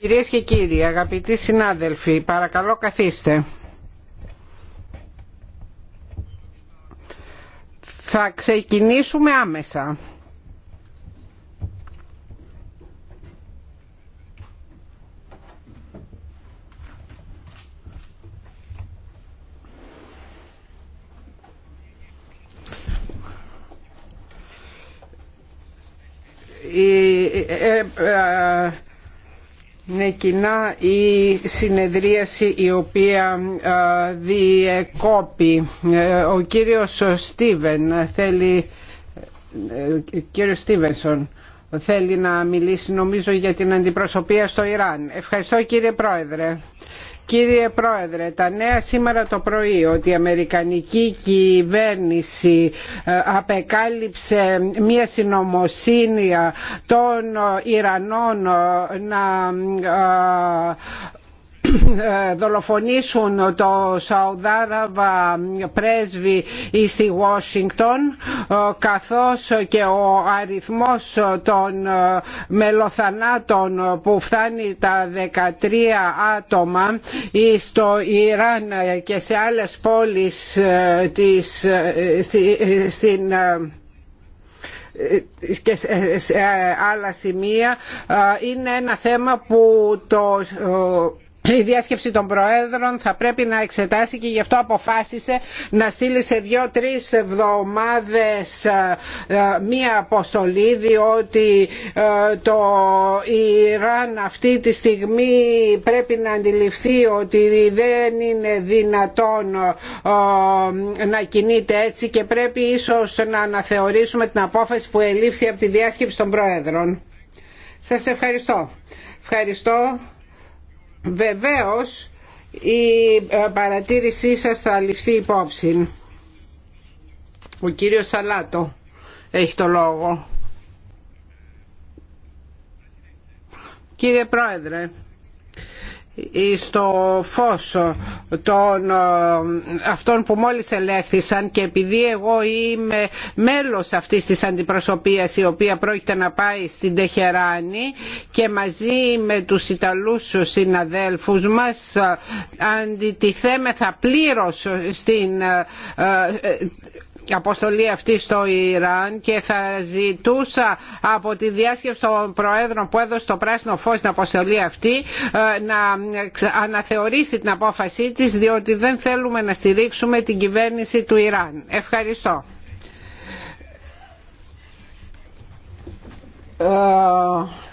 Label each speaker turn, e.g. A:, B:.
A: Κυρίες και κύριοι, αγαπητοί συνάδελφοι, παρακαλώ καθίστε. Θα ξεκινήσουμε άμεσα. η είναι ε, ε, ε, κοινά η συνεδρίαση η οποία διεκόπη. Ο κύριος Στίβεν θέλει, ο κύριος Στίβενσον θέλει να μιλήσει νομίζω για την αντιπροσωπεία στο Ιράν. Ευχαριστώ κύριε Πρόεδρε. Κύριε Πρόεδρε, τα νέα σήμερα το πρωί ότι η Αμερικανική κυβέρνηση ε, απεκάλυψε μία συνωμοσύνη ε, των ε, Ιρανών να ε, δολοφονήσουν το Σαουδάραβα πρέσβη στη Washington ε, καθώς και ο αριθμός των ε, μελοθανάτων που φτάνει τα 13 άτομα στο Ιράν και σε άλλες πόλεις στην και σε άλλα σημεία είναι ένα θέμα που το η διάσκεψη των προέδρων θα πρέπει να εξετάσει και γι' αυτό αποφάσισε να στείλει σε δύο-τρεις εβδομάδες ε, ε, μία αποστολή διότι ε, το Ιράν αυτή τη στιγμή πρέπει να αντιληφθεί ότι δεν είναι δυνατόν να κινείται έτσι και πρέπει ίσως να αναθεωρήσουμε την απόφαση που ελήφθη από τη διάσκεψη των προέδρων. Σας ευχαριστώ. Ευχαριστώ Βεβαίως η ε, παρατήρησή σας θα ληφθεί υπόψη. Ο κύριος Σαλάτο έχει το λόγο. Κύριε Πρόεδρε, στο φως των ε, αυτών που μόλις ελέγχθησαν και επειδή εγώ είμαι μέλος αυτής της αντιπροσωπείας η οποία πρόκειται να πάει στην Τεχεράνη και μαζί με τους Ιταλούς συναδέλφους μας ε, αντιτιθέμεθα πλήρως στην ε, αποστολή αυτή στο Ιράν και θα ζητούσα από τη διάσκεψη των Προέδρων που έδωσε το πράσινο φως στην αποστολή αυτή ε, να αναθεωρήσει την απόφασή της διότι δεν θέλουμε να στηρίξουμε την κυβέρνηση του Ιράν. Ευχαριστώ. Ε,